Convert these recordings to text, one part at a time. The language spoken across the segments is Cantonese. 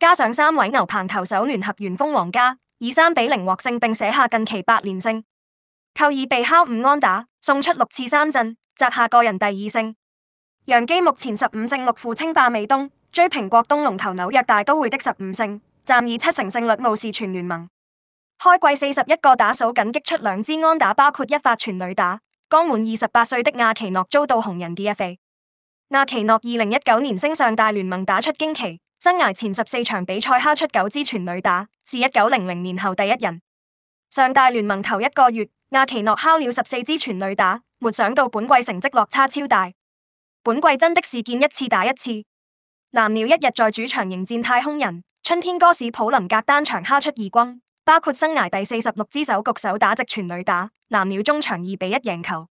加上三位牛棚投手聯合完封皇家，以三比零獲勝，並寫下近期八連勝。寇爾被敲五安打，送出六次三振，摘下個人第二勝。楊基目前十五勝六負，稱霸美東，追平國東龍頭紐約大都會的十五勝，暫以七成勝率傲視全聯盟。開季四十一個打數，僅擊出兩支安打，包括一發全壘打。剛滿二十八歲的亞奇諾遭到紅人 DFA。亞奇諾二零一九年升上大聯盟，打出驚奇。生涯前十四場比賽敲出九支全壘打，是一九零零年後第一人。上大聯盟頭一個月，阿奇諾敲了十四支全壘打，沒想到本季成績落差超大。本季真的是見一次打一次。藍鳥一日在主場迎戰太空人，春天哥史普林格單場敲出二轟，包括生涯第四十六支首局首打直全壘打。藍鳥終場二比一贏球。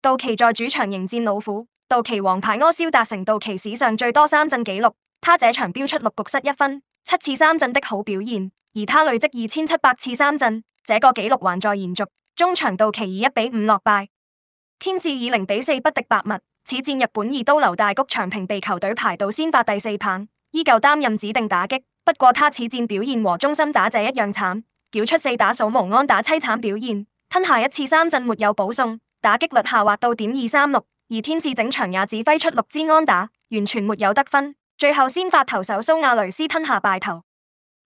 道奇在主場迎戰老虎，道奇王牌柯蕭達成道奇史上最多三振紀錄。他這場飆出六局失一分、七次三振的好表現，而他累積二千七百次三振，這個紀錄還在延續。終場道奇以一比五落敗，天使以零比四不敵白襪。此戰日本二刀流大谷翔平被球隊排到先發第四棒，依舊擔任指定打擊。不過他此戰表現和中心打者一樣慘，繳出四打數無安打淒慘表現，吞下一次三振沒有保送，打擊率下滑到點二三六。而天使整場也只揮出六支安打，完全沒有得分。最後先發投手蘇亞雷斯吞下敗投，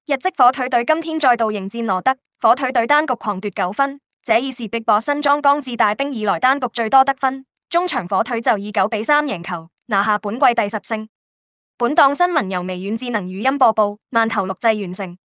日職火腿隊今天再度迎戰羅德，火腿隊單局狂奪九分，這已是碧波新莊剛志帶兵以來單局最多得分。終場火腿就以九比三贏球，拿下本季第十勝。本檔新聞由微軟智能語音播報，萬頭錄製完成。